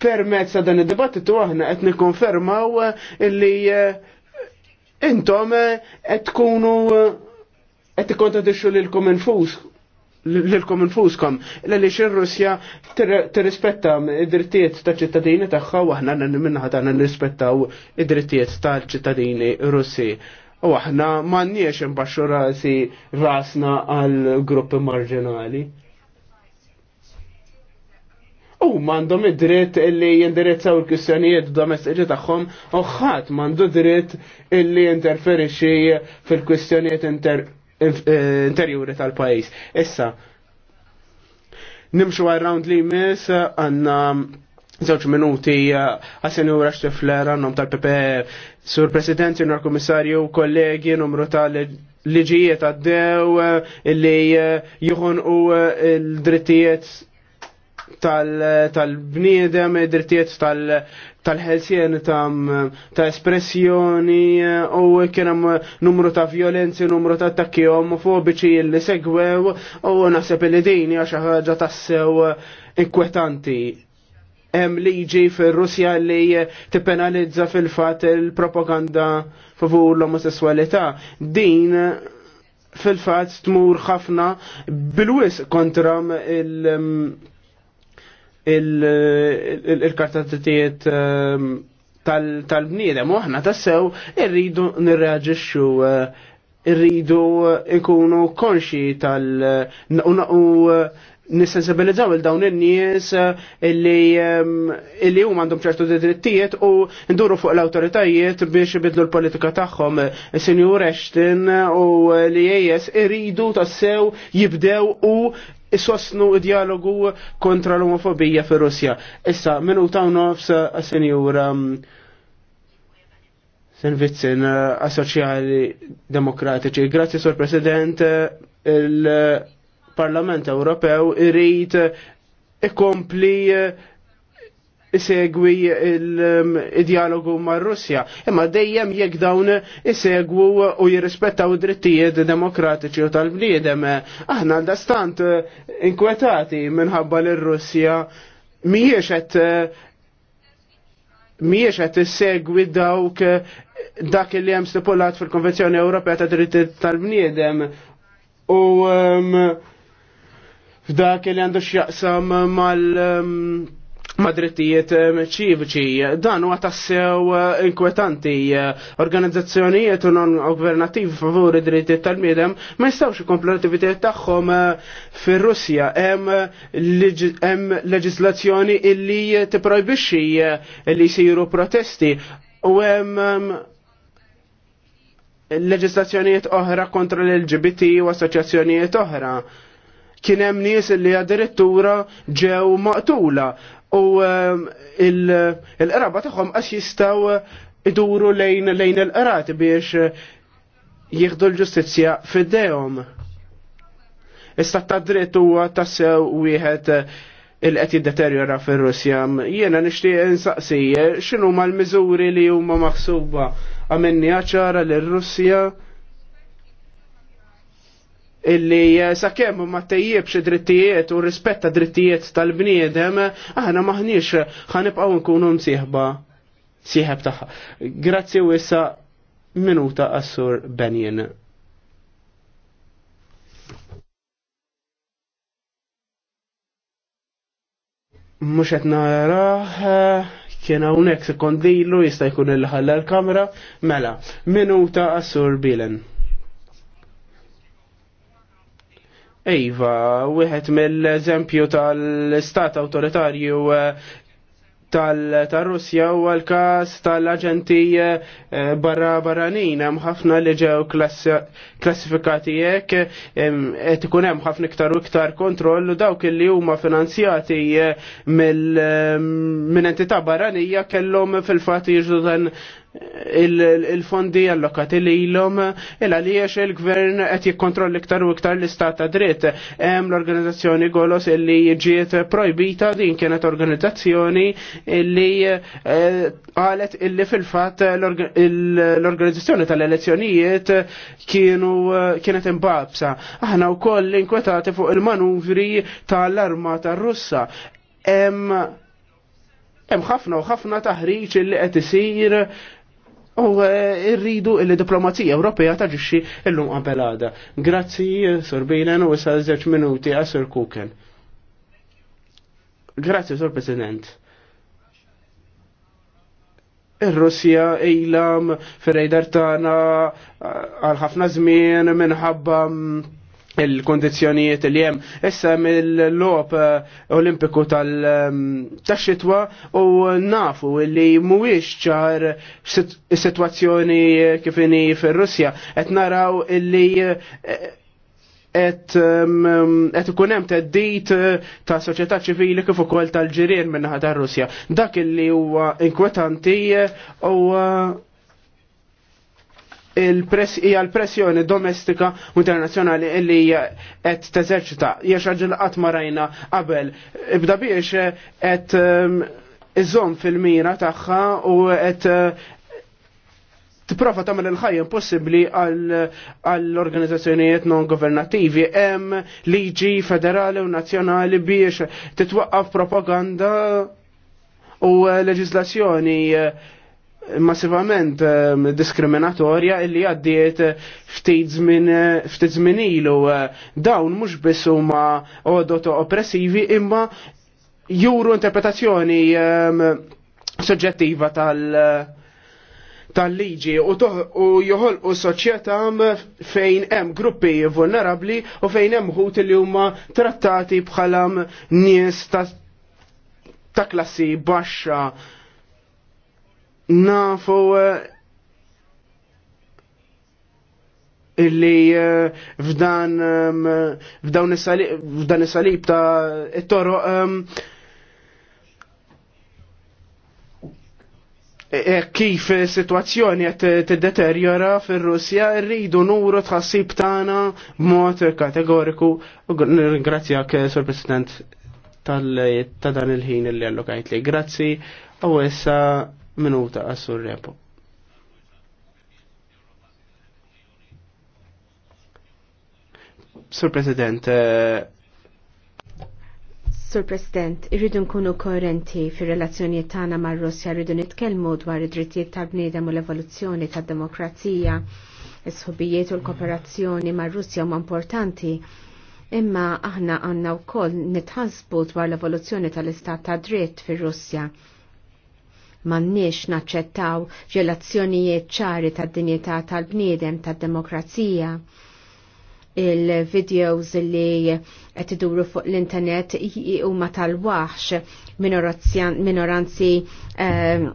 Permezz ta' dan id-dibattitu aħna qed nikkonfermaw illi eh, intom eh, qed tkunu eh, qed ikkontradixxu lilkom infus lilkom infuskom għaliex ir-Russja tirrispetta id-drittijiet ta' ċittadini tagħha u aħna minnaħa tagħna nirrispettaw id-drittijiet tal-ċittadini Russi. U aħna m'għandniex imbaxxu rasi rasna għal gruppi marġinali. U mandom id-dritt illi jindirizzaw il-kwistjonijiet domestiċi tagħhom u ħadd mandu dritt illi jinterferixxi fil-kwistjonijiet eh, interjuri tal-pajjiż. Issa, nimxu għal-round li jmiss għanna Zewċ minuti eh, għas-senjura Xtifler għandhom tal pp e, Sur President, Sinjor Komissarju, kollegi, numru tal-liġijiet eh, għaddew illi juħon u l-drittijiet tal-bniedem, drittijiet tal-ħelsien, ta' espressjoni, u kienem numru ta' violenzi, numru ta' attakki omofobiċi li segwew, u naħseb li dini għaxa ħagġa tassew inkwetanti. Hemm liġi fir-Russja li tippenalizza fil-fatt il-propaganda favur l-omosessualità. Din fil-fatt tmur ħafna bil-wis kontra il- il-karta ehm, tal-bniedem, u aħna tassew irridu nirreagġixxu eh, irridu ikunu konxi tal- u eh, nissensibilizzaw il-dawn il-nies eh, ehm, illi huma għandhom ċertu drittijiet u nduru fuq l-autoritajiet biex ibidlu l-politika tagħhom. Sinjur Ashton u li jes irridu tassew jibdew u isosnu dialogu kontra l-omofobija fir russja Issa, minuta u nofs senjur senjura mm, Senvizzin eh, asoċjali Demokratiċi. Grazzi, Sur President, eh, il-Parlament Ewropew irrit ikompli eh, isegwi il-dialogu um, ma' Russja, imma dejjem jekk dawn isegwu u jirrispettaw drittijiet demokratiċi u tal-bniedem. Aħna għandastant uh, inkwetati minħabba l-Russja miex qed uh, isegwi qed dawk uh, dak li hemm stipulat fil-Konvenzjoni Ewropea ta' Drittijiet tal-Bniedem u um, f'dak li għandu x'jaqsam mal- um, madrittijiet eh, ċiviċi. Dan huwa tassew eh, inkwetanti organizzazzjonijiet u non favur id drittijiet tal-miedem ma jistgħux ikomplu l-attivitajiet tagħhom eh, fir-Russja. Hemm leġislazzjoni illi tipprojbixxi li jsiru protesti u hemm leġislazzjonijiet oħra kontra l-LGBT u assoċjazzjonijiet oħra kien hemm nies li addirittura ġew maqtula u ehm, il-qraba tagħhom għax jistgħu iduru lejn lejn il qrat biex eh, jieħdu l-ġustizzja fidejhom. Issa ta' dritt huwa tassew wieħed eh, il-qed jiddeterjora fir-Russja. Jiena nixtieq insaqsi eh, x'inhuma l-miżuri li huma maħsuba għamenni ċara lir-Russja illi eh, sakemm ma tejjibx drittijiet u rispetta drittijiet tal-bniedem, aħna maħniex ħanibqaw nkunu msieħba sieħeb tagħha. Grazzi u issa minuta assur Benjen. Mux qed nara kien hawnhekk sekondilu jista' jkun il-ħalla l-kamra, mela, minuta assur Bilen. Iva, wieħed mill-eżempju tal-istat autoritarju eh, tal-Russja u għal-kas tal-aġenti eh, barra barranin, hemm ħafna li ġew klassifikati jekk, qed ikun hemm ħafna iktar u iktar kontroll u dawk li huma finanzjati eh, mill entità barranija kellhom fil-fatt jiġu dan il-fondi allokati li ilom il għaliex il-gvern qed jikkontrolli iktar u iktar l-istat ta' dritt. Hemm l-organizzazzjoni Golos illi ġiet projbita din kienet organizzazzjoni illi eh, qalet illi fil-fatt l-organizzazzjoni tal-elezzjonijiet kienu eh, kienet imbabsa. Aħna wkoll inkwetati fuq il-manuvri tal-armata Russa. Hemm hemm ħafna u ħafna taħriġ li qed isir U eh, rridu il-diplomazija Ewropea taġixxi illum għabelada. Grazzi, Sor Bejlen, u issa zeċ minuti għas Sor Kuken. Grazzi, Sor President. Ir-Russja ilam fir tagħna għal ħafna żmien minħabba mm, il-kondizjonijiet li jem issa mill-lop eh, olimpiku tal-xitwa ehm, u nafu li muwix ċar situazzjoni kifini fil-Russja et naraw li et eh, et ehm, ikunem teddit eh, ta' soċjetà ċivili kif ukoll tal-ġirien minnaħa tar-Russja. Dak illi huwa inkwetanti u hija l-pressjoni domestika u internazzjonali li qed teżerċita hija xi qatt ma rajna qabel. Ibda biex qed ehm, iżomm fil-mira tagħha u qed eh, tipprova tagħmel il-ħajja impossibbli għall-organizzazzjonijiet non governattivi hemm liġi federali u nazzjonali biex titwaqqaf propaganda u eh, leġislazzjoni eh, massivament ehm, diskriminatorja illi għaddiet ftit żmien ilu dawn mhux biss huma odoto oppressivi imma juru interpretazzjoni ehm, soġġettiva tal- tal-liġi u joħol u soċjetà fejn hemm gruppi vulnerabbli u fejn hemm ħut li huma trattati bħalam nies ta' klassi baxxa nafu eh, illi eh, f'dan f'dawn f'dan is-salib ta' it-toroq e, e, kif situazzjoni qed deteriora fir-Russja rridu nuru tħassib tagħna b'mod kategoriku. Ringrazzjak eh, Sur President tal ta' dan il-ħin li allokajt li. Grazzi. U issa minuta għassur repo. Sur President, eh, Sur President, irridu nkunu koerenti fir relazzjonijiet tagħna mar-Russja rridu nitkellmu dwar id-drittijiet ta' bniedem u l-evoluzzjoni tad-demokrazija. Is-sħubijiet u l-kooperazzjoni mar-Russja huma importanti, imma aħna għandna wkoll nitħassbu dwar l-evoluzzjoni tal-istat ta' dritt fir-Russja Mannix naċċettaw violazzjonijiet ċari tad-dinjità tal-bniedem tad-demokrazija il-videos li qed iduru fuq l-internet huma tal-waħx minoranzi ehm,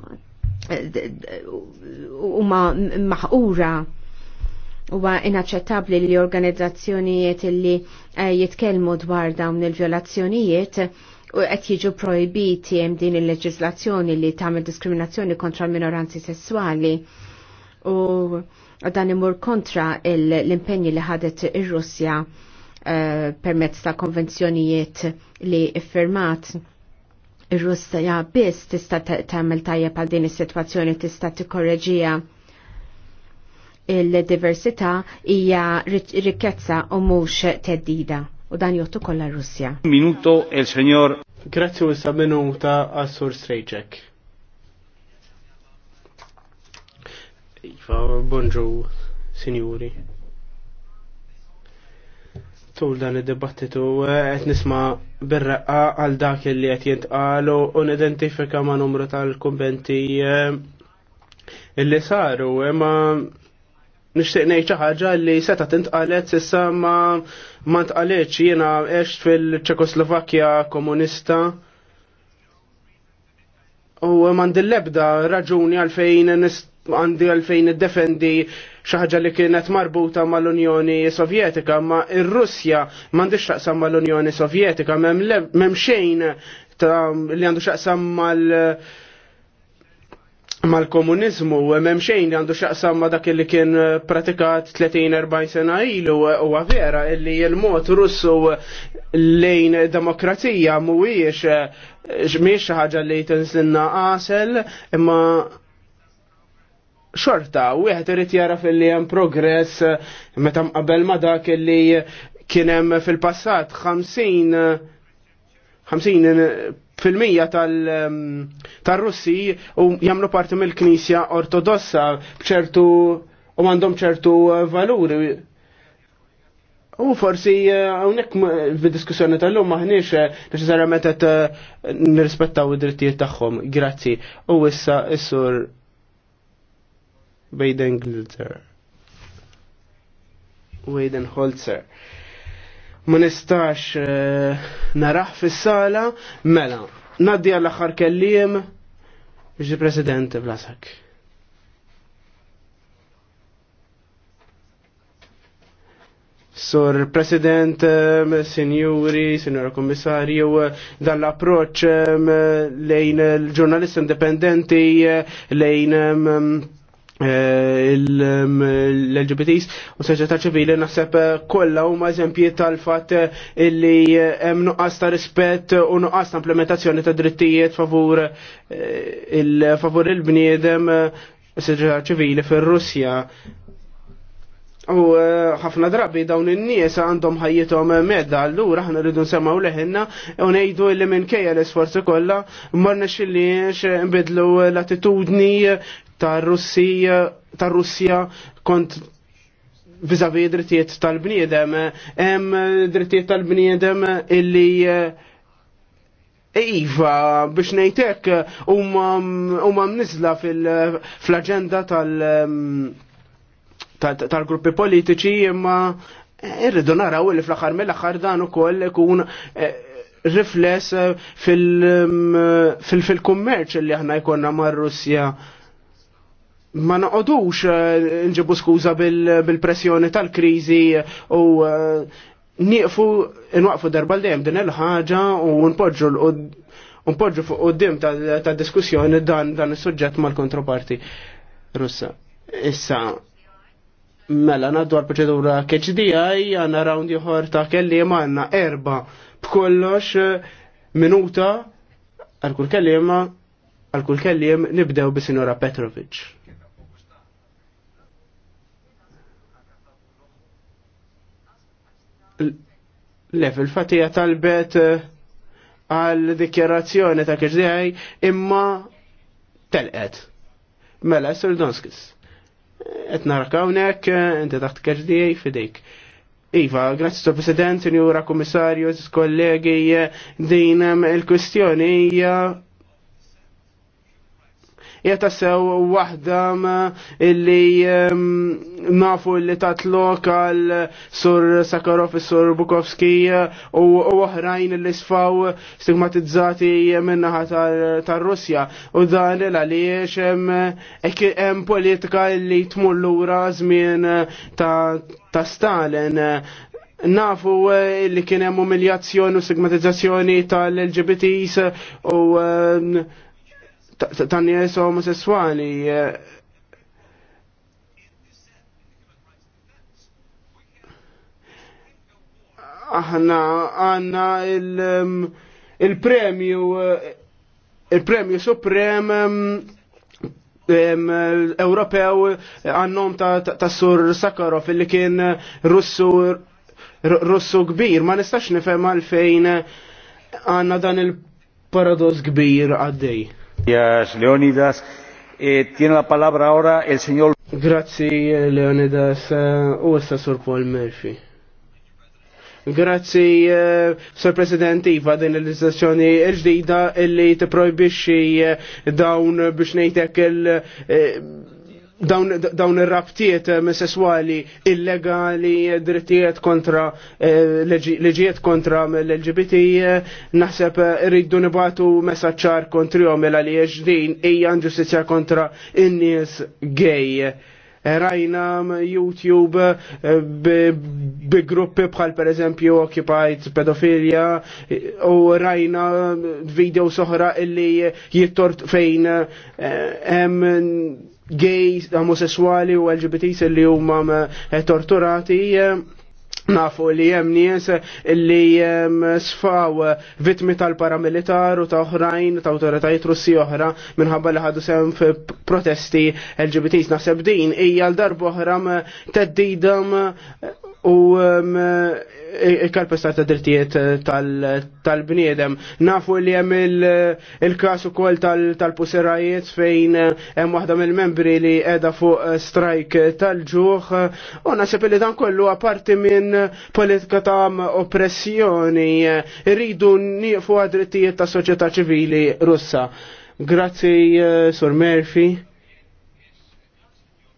huma maħqura huwa inaċċettabbli li organizzazzjonijiet li eh, jitkellmu dwar dawn il violazzjonijiet u qed jiġu projbiti hemm din il-leġislazzjoni li tagħmel diskriminazzjoni kontra minoranzi sessuali u dan imur kontra l-impenji li ħadet ir-Russja uh, permezz ta' konvenzjonijiet li iffirmat ir-Russja biss tista' tagħmel tajjeb għal din is-sitwazzjoni tista' tikkorreġija il-diversità hija rikkezza u mhux teddida u dan jottu kollha Russja. Minuto il-Senjor. Grazzi u sa minuta għas-Sur Strejček. Iva, bonġu, sinjuri. Tul dan id debattitu għet eh, nisma' birraqqa għal dak li qed jintqalu u nidentifika ma' numru tal-kumbenti eh, illi saru imma eh, nixtieq ngħid xi ħaġa li seta' tintqalet issa ma' ma tqalitx jiena għex fil-Ċekoslovakkja komunista u mandi l-ebda raġuni għalfejn għandi għalfejn defendi xaħġa li kienet marbuta mal-Unjoni Sovjetika, ma r russja m'għandix taqsam mal-Unjoni Sovjetika, m'hemm xejn li għandu xaqsam mal-, -Unjoni mal-komunizmu hemm xejn li għandu x'aqsam ma' dak li kien eh, pratikat 30-40 sena ilu eh, huwa vera li l-mod Russu lejn demokrazija mhuwiex eh, mhijiex xi ħaġa li tinsinna qasel imma xorta, wieħed irid jara fil-li hemm progress meta mqabel ma dak li kien hemm fil-passat 50 50 fil-mija um, tal-Russi u jamlu parti mill-Knisja Ortodossa bċertu u għandhom ċertu uh, valuri. U forsi uh, hawnhekk fid-diskussjoni tal-lum maħniex uh, neċessarjament qed nirrispettaw id-drittijiet tagħhom. Grazzi. U issa is-sur Baden Glitzer. Baden Holzer ma nistax eh, naraħ fis-sala mela. Naddi għall aħħar kelliem ġi President Blasak. Sur President, eh, Sinjuri, Sinjora Kommissarju, eh, dan l-approċ lejn l-ġurnalist indipendenti, lejn Eh, l-LGBTs um, u soċjetà ċivili naħseb eh, kollha huma eżempji tal-fatt eh, illi hemm nuqqas ta' rispett u nuqqas ta' implementazzjoni ta' drittijiet favur il-favur il-bniedem soċjetà ċivili fir-Russja. U ħafna drabi dawn in-nies għandhom ħajjithom medda, allura aħna rridu nsemgħu leħinna u ngħidu li minkejja l-isforzi kollha ma rnexxilliex nbidlu l-attitudni tar-Russija tar kont vizavi drittijiet tal-bniedem, hemm drittijiet tal-bniedem illi eh, Iva, biex nejtek, umma mnizla fil-agenda tal-gruppi politiċi, imma irridu naraw li fl-axar mill-axar dan ukoll ikun eh, rifless fil-kummerċ li aħna jkollna mar-Russja ma naqodux eh, nġibu skuża bil-pressjoni tal-krizi u eh, nieqfu nwaqfu darba l-dem din il-ħaġa u npoġġu npoġġu fuq qudiem tad-diskussjoni dan dan is-suġġett mal-kontroparti Russa. Issa mela naddu għal proċedura KHDI għandna round ieħor ta' kelliem għandna erba' b'kollox eh, minuta għal kull kelliem għal kull kelliem nibdew bis-Sinora Petrovic. level fatija talbet eh, għal dikjerazzjoni ta' kħiġdijaj imma telqet. Mela, Sir Donskis. Et narkawnek, eh, inti taħt kħiġdijaj fidejk. Iva, grazzi Sir President, signora Kommissarju, kollegi, eh, dinam il-kwistjoni hija jeta sew wahda illi ehm, nafu illi tatlok għal sur Sakarov, sur Bukowski u oħrajn illi sfaw stigmatizzati minnaħa tar-Russja u dan l-għaliex hemm politika illi tmur lura żmien ta' Stalin nafu li kien hemm umiljazzjoni u stigmatizzazzjoni tal-LGBTs u ehm, ta' nies omosessuali eh, aħna għanna um, il-premju eh, il-premju suprem um, um, Ewropew għannom ta' sur Sakharov li kien russu russu kbir ma nistax nifhem għalfejn għanna dan il-paradoss kbir għaddej. Yes, Leonidas. Eh, tiene la palabra ahora el señor. Grazie Leonidas eh, u sta Sur Paul Murphy. Grazzi, eh, Sir President, Iva, din l-legislazzjoni il-ġdida illi t-projbixi dawn biex nejtek il- dawn ir-rabtiet eh, sesswali illegali, eh, drittijiet kontra eh, leġijiet kontra l-LGBT, naħseb rridu nibatu messaċċar jom mela li din hija ġustizja kontra in-nies gay. Rajna YouTube bi gruppi bħal per eżempju Occupied pedofilia u rajna video soħra illi jittort fejn hemm gay omosessuali u LGBTs li huma eh, torturati eh, nafu li jem nies li eh, sfaw vitmi tal-paramilitar u ta' oħrajn ta' autoritajiet russi oħra minħabba li ħadu sem protesti LGBTs naħseb din hija l-darba oħra teddidam u il-karpestar um, e, e, ta' drittijiet eh, tal-bniedem. Nafu li hemm il kasu ukoll tal-puserajiet fejn eh, hemm waħda mill-membri li qiegħda fuq eh, strajk tal-ġuħ u naħseb li dan kollu apparti minn politika ta' oppressjoni rridu nieqfu għad-drittijiet ta' soċjetà ċivili Russa. Grazzi Sur Murphy.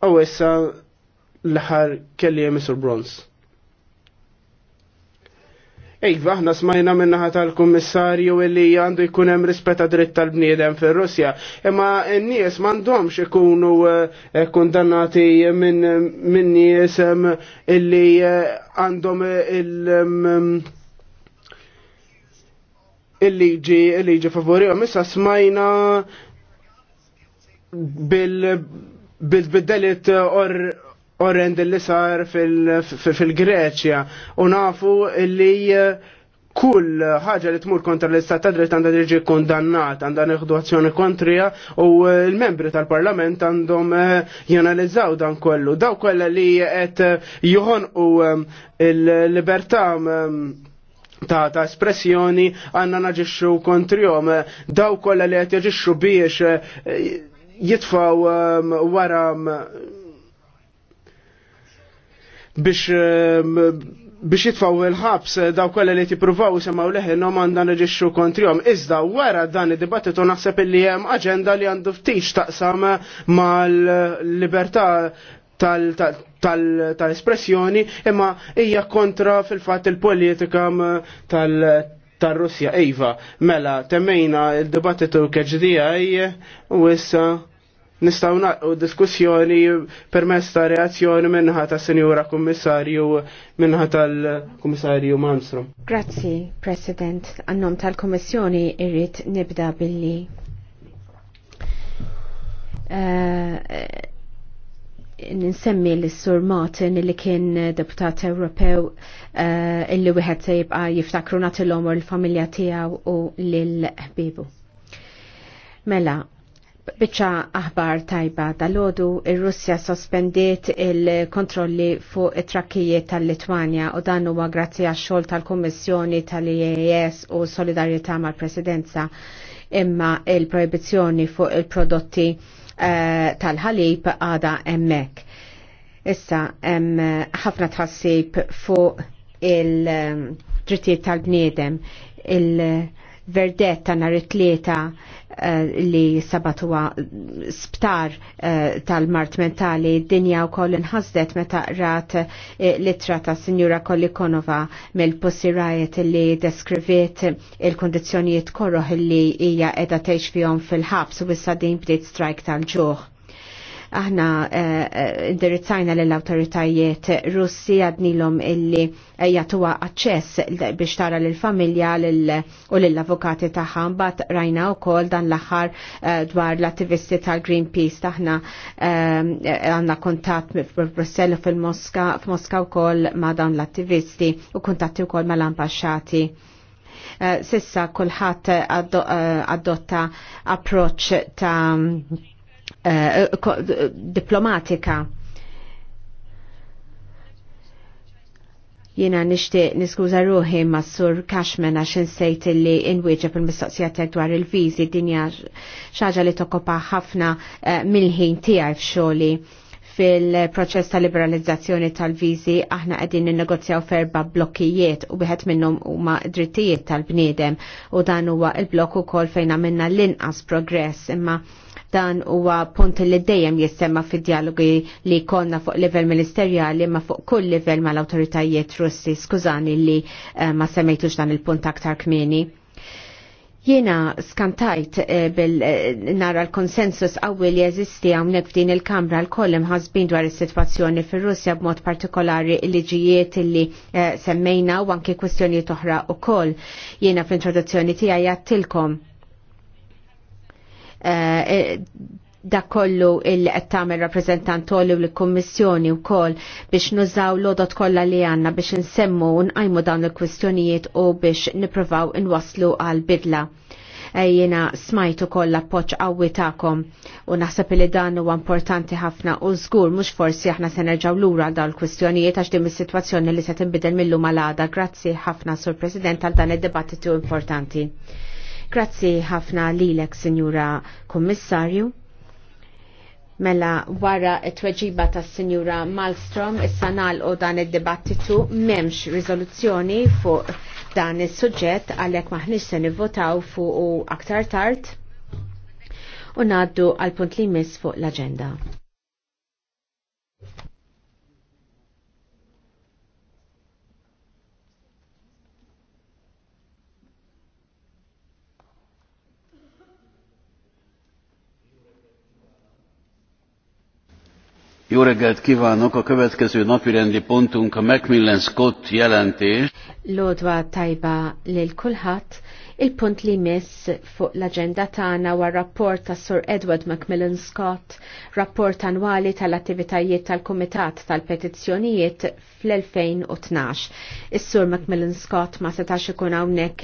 U issa l-ħar kelli sur Bronze. Iva, ħna smajna minnaħa tal-kommissarju illi għandu jkun hemm rispetta dritt tal-bniedem fir-Russja, imma n-nies m'għandhomx ikunu eh, kundannati minn nies illi eh, għandhom il- il-liġi il-liġi favorija. Issa smajna bil-bedelit or orrend li sar fil-Greċja u nafu li eh, kull ħaġa li tmur kontra l-istat ta' dritt għandha tiġi kondannat, għandha neħdu azzjoni kontrija u eh, l-membri tal-Parlament għandhom eh, jenalizzaw dan kollu. Daw kollha li qed joħonqu l-libertà ta' ta' espressjoni għandna naġixxu kontrihom. Daw kollha li qed jaġixxu biex jitfaw wara biex ehm, biex jitfaw il-ħabs eh, daw kolla li tipruvaw semaw leħi no mandan reġiċu kontrijom. Iżda wara dan id-dibattitu naħseb li jem agenda li għandu ftiċ taqsam mal-libertà tal-espressjoni imma hija kontra fil-fat il-politika tal-Russja. Iva, mela, temmejna il-dibattitu keġdija u issa nistaw naqqu diskussjoni permess ta' reazzjoni minnaħa ta' senjura kummissarju minnaħa tal-kummissarju Malmstrom. Grazzi, President. Annom tal-Kommissjoni irrit nibda billi. Uh, ninsemmi l-Sur Martin li kien deputat Ewropew uh, illi wieħed se jibqa' jiftakru nagħtilhom l-familja tiegħu u lil ħbibu. Mela, Biċċa aħbar tajba dal-ħodu, il-Russja sospendiet il-kontrolli fuq it-trakkijiet tal-Litwanja u dan huwa grazzi għax-xogħol tal-Kummissjoni tal-IES u solidarjetà mal-Presidenza imma il-proibizzjoni fuq il-prodotti eh, tal-ħalib għada emmek. Issa hemm ħafna tħassib fuq il-drittijiet eh, tal-bniedem il-, -tal Verdetta nar nhar it-tlieta eh, li sabatuwa sptar eh, tal-mart mentali dinja u koll inħasdet meta qrat eh, litra ta' Sinjura Kollikonova mill Rajet li deskriviet il-kondizjonijiet korroħ li hija qiegħda tgħix fihom fil-ħabs u bissa din bdiet strajk tal-ġuħ Aħna eh, eh, indirizzajna lill awtoritajiet Russi għadnilhom illi eh, jagħtuha aċċess biex tara lill familja u lill-avukati tagħha bat rajna wkoll dan l-aħħar dwar l-attivisti tal-Greenpeace taħna għandna kuntatt f'Brussell u fil-Moska f'Moska wkoll ma' dawn l-attivisti u kuntatti wkoll mal-ambasċati sissa kullħat adotta approċ ta' Eh, diplomatika. Jina nishtiq niskuża ruħi ma' sur Cashman għax insejt li inwieġeb il-mistoqsija dwar il-viżi dinja xaġa li tokopa ħafna eh, mill-ħin tiegħi f'xogħli fil-proċess ta' liberalizzazzjoni tal-viżi aħna qegħdin ninnegozjaw ferba blokkijiet u wieħed minnhom huma drittijiet tal-bniedem u dan huwa il-blokk ukoll fejn għamilna l-inqas progress imma Dan huwa punt li dejjem jissemma fid-dialogi li konna fuq livell ministerjali ma fuq kull livell mal-awtoritajiet Russi. Skużani li eh, ma semmejtux dan il-punt aktar kmieni. Jiena skantajt eh, bil eh, nara l-konsensus qawwi li jeżisti hawnhekk f'din il-Kamra l-koll imħasbin dwar is-sitwazzjoni fir-Russja b'mod partikolari il liġijiet li semmejna u anke kwistjonijiet oħra wkoll. Jiena f'introduzzjoni introduzzjoni tiegħi għattilkom Eh, eh, da kollu il-qed rappresentant u l-Kommissjoni u koll biex nużaw l-odot kollha li għanna biex nsemmu un nqajmu dawn il-kwistjonijiet u biex niprovaw inwaslu għal bidla. Ejjina eh, smajtu koll appoċ qawwi ta'kom u naħseb li dan huwa importanti ħafna u żgur mhux forsi aħna se l lura dawn il-kwistjonijiet għax din is-sitwazzjoni li se tinbidel mill-lum għal Grazzi ħafna Sur President għal dan id-dibattitu importanti. Grazzi ħafna lilek, Sinjura Kommissarju. Mela wara t-tweġiba ta' Sinjura Malmstrom issa nalqu dan id-dibattitu m'hemmx riżoluzzjoni fuq dan is-suġġett għalhekk maħniex se nivvotaw fuq aktar tard u ngħaddu għal punt li jmiss fuq l-aġenda. Jó reggelt kívánok! A következő napirendi pontunk a Macmillan Scott jelentés. Lodva tajba lil kulħat, il-punt li miss fuq l-agenda tagħna war rapport ta' Sir Edward Macmillan Scott, rapport annwali tal-attivitajiet tal-Kumitat tal-Petizzjonijiet fl-2012. Is-Sur Macmillan Scott ma setax ikun hawnhekk